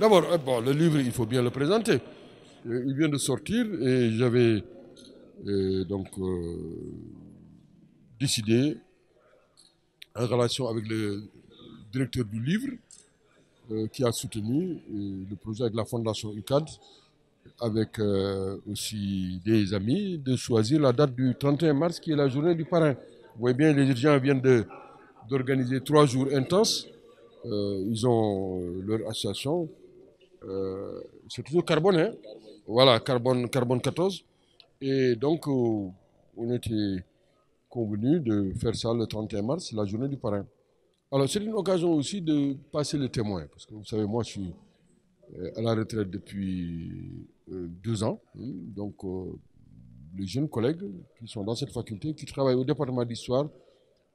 D'abord, eh, le livre, il faut bien le présenter. Euh, il vient de sortir et j'avais euh, donc euh, décidé, en relation avec le directeur du livre, qui a soutenu le projet avec la Fondation UCAD, avec aussi des amis, de choisir la date du 31 mars, qui est la journée du parrain. Vous voyez bien, les dirigeants viennent d'organiser trois jours intenses. Euh, ils ont euh, leur association. Euh, c'est toujours carbone, hein Voilà, carbone, carbone 14. Et donc, on était convenu de faire ça le 31 mars, la journée du parrain. Alors, c'est une occasion aussi de passer le témoin, parce que vous savez, moi, je suis à la retraite depuis deux ans. Hein. Donc, les jeunes collègues qui sont dans cette faculté, qui travaillent au département d'histoire,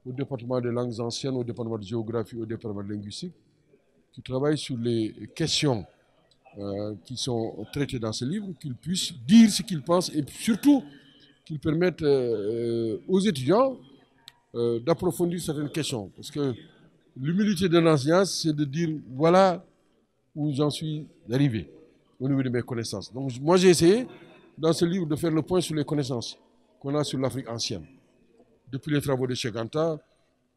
au département des langues anciennes, au département de géographie, au département de linguistique, qui travaillent sur les questions euh, qui sont traitées dans ce livre, qu'ils puissent dire ce qu'ils pensent et surtout qu'ils permettent euh, euh, aux étudiants d'approfondir certaines questions. Parce que l'humilité de ancien, c'est de dire voilà où j'en suis arrivé au niveau de mes connaissances. Donc moi j'ai essayé dans ce livre de faire le point sur les connaissances qu'on a sur l'Afrique ancienne. Depuis les travaux de Cheganta,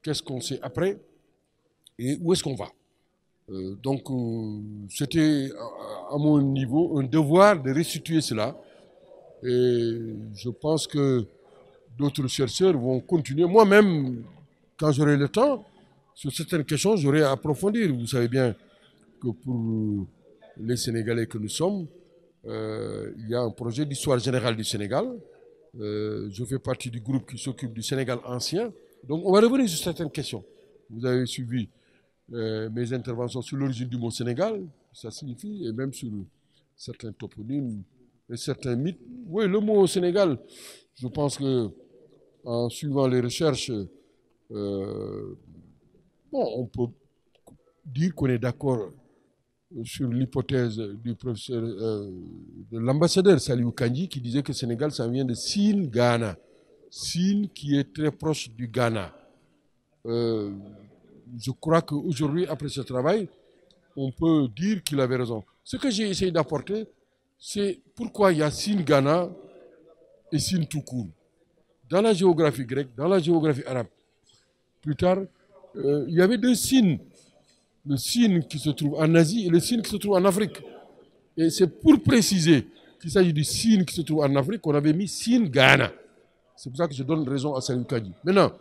qu'est-ce qu'on sait après et où est-ce qu'on va euh, Donc, euh, c'était à, à mon niveau un devoir de restituer cela. Et je pense que d'autres chercheurs vont continuer. Moi-même, quand j'aurai le temps, sur certaines questions, j'aurai à approfondir. Vous savez bien que pour les Sénégalais que nous sommes, euh, il y a un projet d'histoire générale du Sénégal. Euh, je fais partie du groupe qui s'occupe du Sénégal ancien. Donc on va revenir sur certaines questions. Vous avez suivi euh, mes interventions sur l'origine du mot Sénégal, ça signifie, et même sur certains toponymes et certains mythes. Oui, le mot Sénégal, je pense que en suivant les recherches, bon, on peut dire qu'on est d'accord sur l'hypothèse du euh, de l'ambassadeur Saliou Kanji, qui disait que le Sénégal, ça vient de Sine, Ghana. Sine qui est très proche du Ghana. Euh, je crois qu'aujourd'hui, après ce travail, on peut dire qu'il avait raison. Ce que j'ai essayé d'apporter, c'est pourquoi il y a Sine Ghana et Sine tout Dans la géographie grecque, dans la géographie arabe, plus tard, euh, il y avait deux Sines le signe qui se trouve en Asie et le signe qui se trouve en Afrique. Et c'est pour préciser qu'il s'agit du signe qui se trouve en Afrique qu'on avait mis signe Ghana. C'est pour ça que je donne raison à Salim Kadi. Maintenant,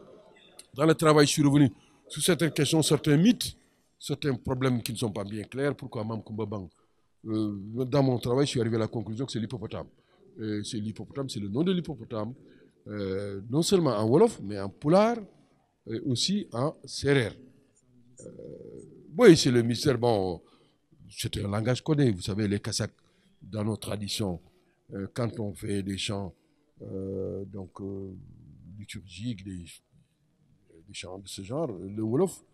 dans le travail, je suis revenu sur certaines questions, certains mythes, certains problèmes qui ne sont pas bien clairs. Pourquoi Mam Kumbabang euh, Dans mon travail, je suis arrivé à la conclusion que c'est l'hippopotame. C'est l'hippopotame, c'est le nom de l'hippopotame, euh, non seulement en Wolof, mais en Polar, et aussi en Serer. Euh, oui, c'est le mystère. Bon, c'est un langage codé. Vous savez, les Kazakhs, dans nos traditions, euh, quand on fait des chants euh, donc, euh, des, chants de ce genre, le Wolof,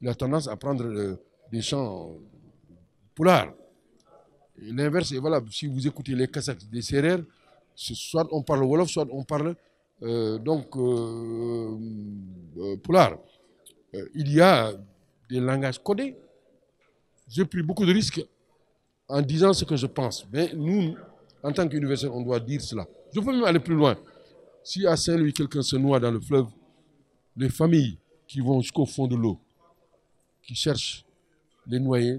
il a tendance à prendre des chants polars. L'inverse, et voilà, si vous écoutez les Kazakhs des Serrères, soit on parle Wolof, soit on parle donc polar. il y a des langages codés. J'ai pris beaucoup de risques en disant ce que je pense. Mais nous, en tant qu'universitaire, on doit dire cela. Je veux même aller plus loin. Si à Saint-Louis, quelqu'un se noie dans le fleuve, les familles qui vont jusqu'au fond de l'eau, qui cherchent les noyés,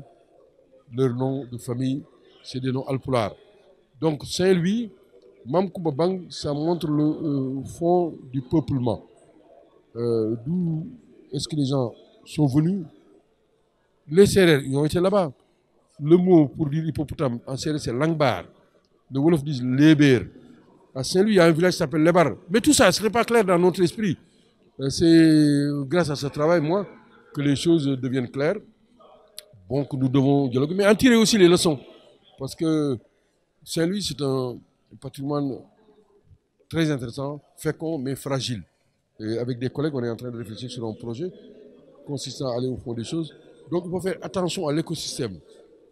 leur nom de famille, c'est des noms polar Donc Saint-Louis, Mamkoubabang, ça montre le euh, fond du peuplement. Euh, d'où est-ce que les gens sont venus les serrères, ils ont été là-bas. Le mot pour dire hippopotame en Sérère, c'est Langbar. Les Wolof disent Léber. À Saint-Louis, il y a un village qui s'appelle Lébar. Mais tout ça, ce serait pas clair dans notre esprit. Euh, c'est euh, grâce à ce travail, moi, que les choses deviennent claires. Bon, que nous devons dialoguer, mais en tirer aussi les leçons. Parce que Saint-Louis, c'est un patrimoine très intéressant, fécond, mais fragile. Et avec des collègues, on est en train de réfléchir sur un projet consistant à aller au fond des choses donc il faut faire attention à l'écosystème.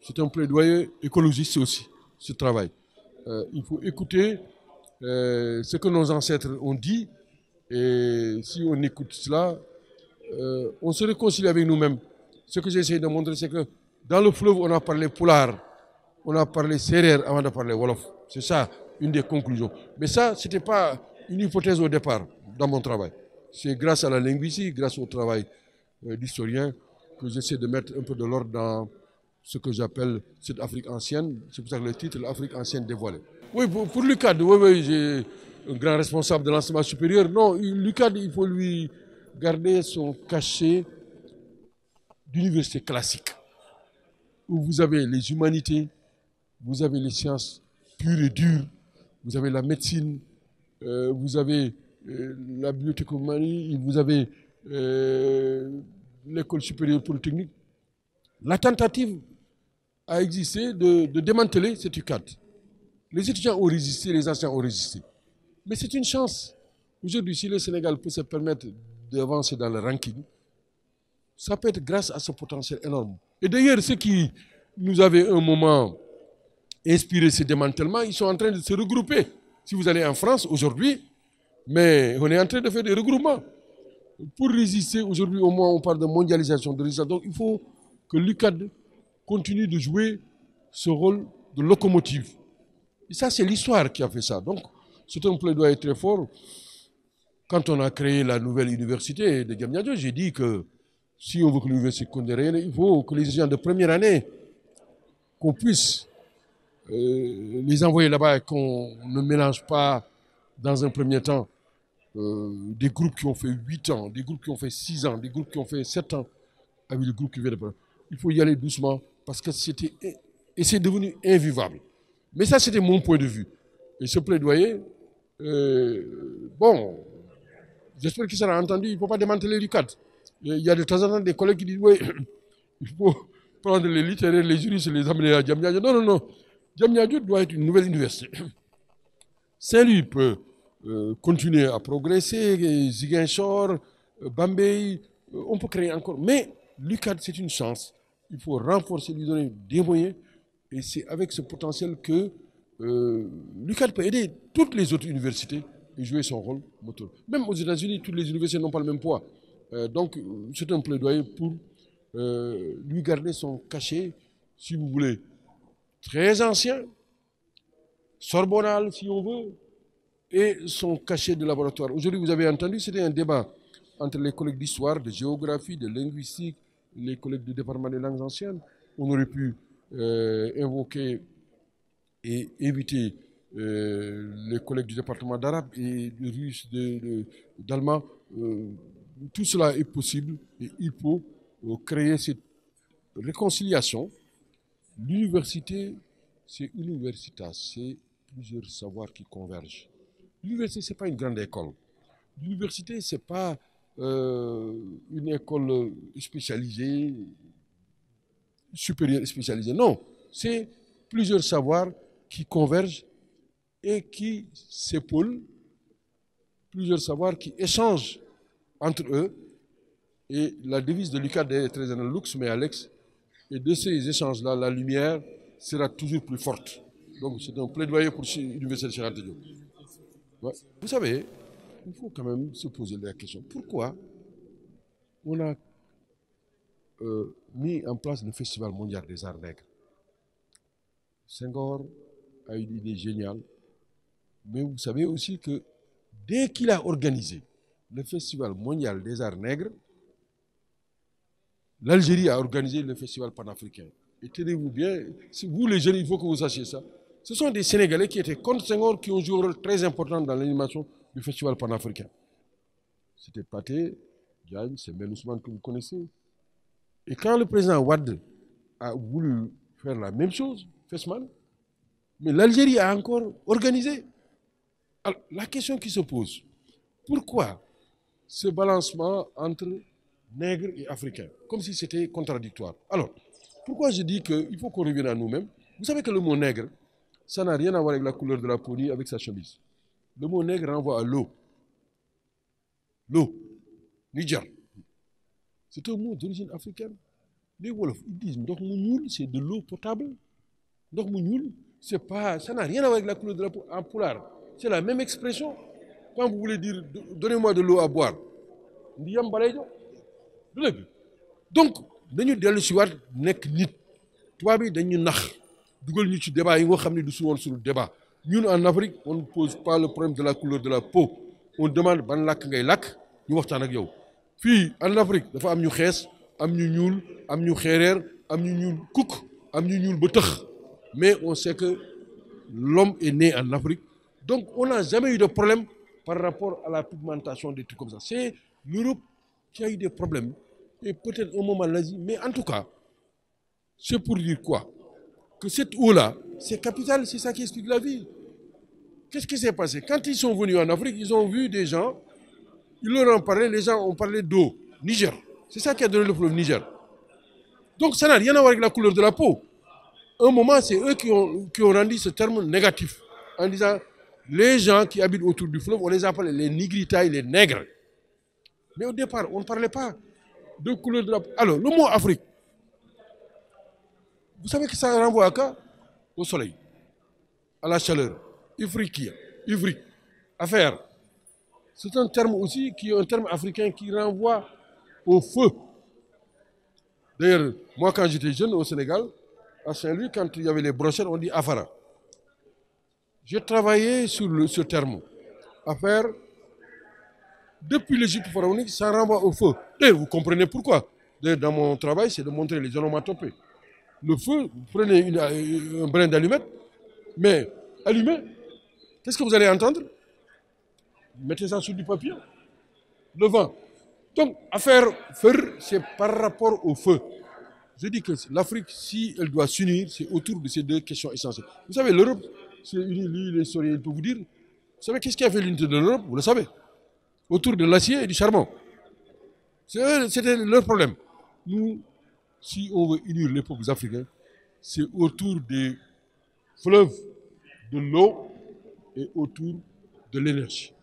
C'est un plaidoyer écologiste aussi, ce travail. Euh, il faut écouter euh, ce que nos ancêtres ont dit, et si on écoute cela, euh, on se réconcilie avec nous-mêmes. Ce que j'ai essayé de montrer, c'est que dans le fleuve, on a parlé polar, on a parlé serrère avant de parler wolof. C'est ça, une des conclusions. Mais ça, ce n'était pas une hypothèse au départ dans mon travail. C'est grâce à la linguistique, grâce au travail d'historien que j'essaie de mettre un peu de l'ordre dans ce que j'appelle cette Afrique ancienne. C'est pour ça que le titre, l'Afrique ancienne dévoilée. Oui, pour, Lucade, oui, oui, j'ai un grand responsable de l'enseignement supérieur. Non, Lucade, il faut lui garder son cachet d'université classique, où vous avez les humanités, vous avez les sciences pures et dures, vous avez la médecine, euh, vous avez euh, la bibliothèque vous avez euh, l'école supérieure polytechnique, la tentative a existé de, démanteler cette UCAT. Les étudiants ont résisté, les anciens ont résisté. Mais c'est une chance. Aujourd'hui, si le Sénégal peut se permettre d'avancer dans le ranking, ça peut être grâce à ce potentiel énorme. Et d'ailleurs, ceux qui nous avaient un moment inspiré ce démantèlement, ils sont en train de se regrouper. Si vous allez en France aujourd'hui, mais on est en train de faire des regroupements pour résister, aujourd'hui au moins on parle de mondialisation, de résistance. Donc il faut que l'UCAD continue de jouer ce rôle de locomotive. Et ça, c'est l'histoire qui a fait ça. Donc c'est un plaidoyer très fort. Quand on a créé la nouvelle université de Gamiadio, j'ai dit que si on veut que l'université compte il faut que les étudiants de première année, qu'on puisse euh, les envoyer là-bas et qu'on ne mélange pas dans un premier temps euh, des groupes qui ont fait 8 ans, des groupes qui ont fait 6 ans, des groupes qui ont fait 7 ans avec ah le groupe qui vient de parler. Il faut y aller doucement parce que c'était. Et c'est devenu invivable. Mais ça, c'était mon point de vue. Et ce plaidoyer, euh, bon, j'espère qu'il sera entendu. Il ne faut pas démanteler l'UCAT. Il y a de temps en temps des collègues qui disent Oui, il faut prendre les littéraires, les juristes et les amener à Non, non, non. doit être une nouvelle université. Saint-Louis peut euh, continuer à progresser, Ziguinchor, euh, Bambay, euh, on peut créer encore. Mais l'UCAD, c'est une chance. Il faut renforcer, lui donner des moyens. Et c'est avec ce potentiel que euh, peut aider toutes les autres universités et jouer son rôle moteur. Même aux États-Unis, toutes les universités n'ont pas le même poids. donc, c'est un plaidoyer pour lui garder son cachet, si vous voulez, très ancien, sorbonal, si on veut, et son cachet de laboratoire. Aujourd'hui, vous avez entendu, c'était un débat entre les collègues d'histoire, de géographie, de linguistique, les collègues du département des langues anciennes. On aurait pu euh, invoquer et éviter euh, les collègues du département d'arabe et de russe, d'allemand. Euh, tout cela est possible et il faut créer cette réconciliation. L'université, c'est universitas, c'est plusieurs savoirs qui convergent. L'université, ce n'est pas une grande école. L'université, ce n'est pas euh, une école spécialisée, supérieure spécialisée. Non, c'est plusieurs savoirs qui convergent et qui s'épaulent, plusieurs savoirs qui échangent entre eux. Et la devise de l'UCAD est très lux mais Alex, et de ces échanges-là, la lumière sera toujours plus forte. Donc c'est un plaidoyer pour l'Université de Charente vous savez, il faut quand même se poser la question pourquoi on a euh, mis en place le Festival mondial des arts nègres Senghor a une idée géniale, mais vous savez aussi que dès qu'il a organisé le Festival mondial des arts nègres, l'Algérie a organisé le Festival panafricain. Et tenez-vous bien, vous les jeunes, il faut que vous sachiez ça. Ce sont des Sénégalais qui étaient contre Senghor qui ont joué un rôle très important dans l'animation du festival panafricain. C'était Pathé, Diagne, c'est Ben Ousmane que vous connaissez. Et quand le président Ouad a voulu faire la même chose, Fesman, mais l'Algérie a encore organisé. Alors, la question qui se pose, pourquoi ce balancement entre nègre et africain, Comme si c'était contradictoire. Alors, pourquoi je dis qu'il faut qu'on revienne à nous-mêmes Vous savez que le mot nègre, ça n'a rien à voir avec la couleur de la peau ni avec sa chemise. Le mot nègre renvoie à l'eau. L'eau. Niger. C'est un mot d'origine africaine. Les Wolofs, ils disent Donc, Mounioul, c'est de l'eau potable. Donc, Mounioul, c'est pas, ça n'a rien à voir avec la couleur de la peau en poulard. C'est la même expression. Quand vous voulez dire Donnez-moi de l'eau à boire, Ndiyam Balaïdo. Donc, nous devons nous dire Nek Nit. Toi, nous devons nous dugal ñu débat yi nga du débat ñun en Afrique on ne pose pas le problème de la couleur de la peau on demande ban lac ngay lac. ñu waxtan ak yow Fi en Afrique dafa am ñu xees am ñu ñuul am ñu xeereer am ñu ñuul am ñu ba mais on sait que l'homme est né en Afrique donc on n'a jamais eu de problème par rapport à la pigmentation des trucs comme ça c'est l'Europe qui a eu des problèmes et peut-être au moment l'Asie mais en tout cas c'est pour dire quoi que cette eau-là, c'est capital, c'est ça qui explique la vie. Qu'est-ce qui s'est passé Quand ils sont venus en Afrique, ils ont vu des gens, ils leur ont parlé, les gens ont parlé d'eau, Niger. C'est ça qui a donné le fleuve Niger. Donc ça n'a rien à voir avec la couleur de la peau. un moment, c'est eux qui ont, rendu ce terme négatif en disant les gens qui habitent autour du fleuve, on les appelle les nigritailles, les nègres. Mais au départ, on ne parlait pas de couleur de la peau. Alors, le mot Afrique, vous savez que ça renvoie à quoi Au soleil, à la chaleur, qui ivri, affaire. C'est un terme aussi qui est un terme africain qui renvoie au feu. D'ailleurs, moi quand j'étais jeune au Sénégal, à Saint-Louis, quand il y avait les brochettes, on dit afara. J'ai travaillé sur ce terme, affaire. Depuis l'Égypte pharaonique, ça renvoie au feu. et vous comprenez pourquoi. dans mon travail, c'est de montrer les onomatopées le feu, prenez euh, un brin d'allumette, mais allumez, qu'est-ce que vous allez entendre Mettez ça sous du papier, le vent. Donc, affaire fer, c'est par rapport au feu. Je dis que l'Afrique, si elle doit s'unir, c'est autour de ces deux questions essentielles. Vous savez, l'Europe c'est unie, lui, les il peut vous dire. Vous savez, qu'est-ce qui a fait l'unité de l'Europe Vous le savez. Autour de l'acier et du charbon. C'était leur problème. Nous, si on veut unir les peuples africains, c'est autour des fleuves, de l'eau et autour de l'énergie.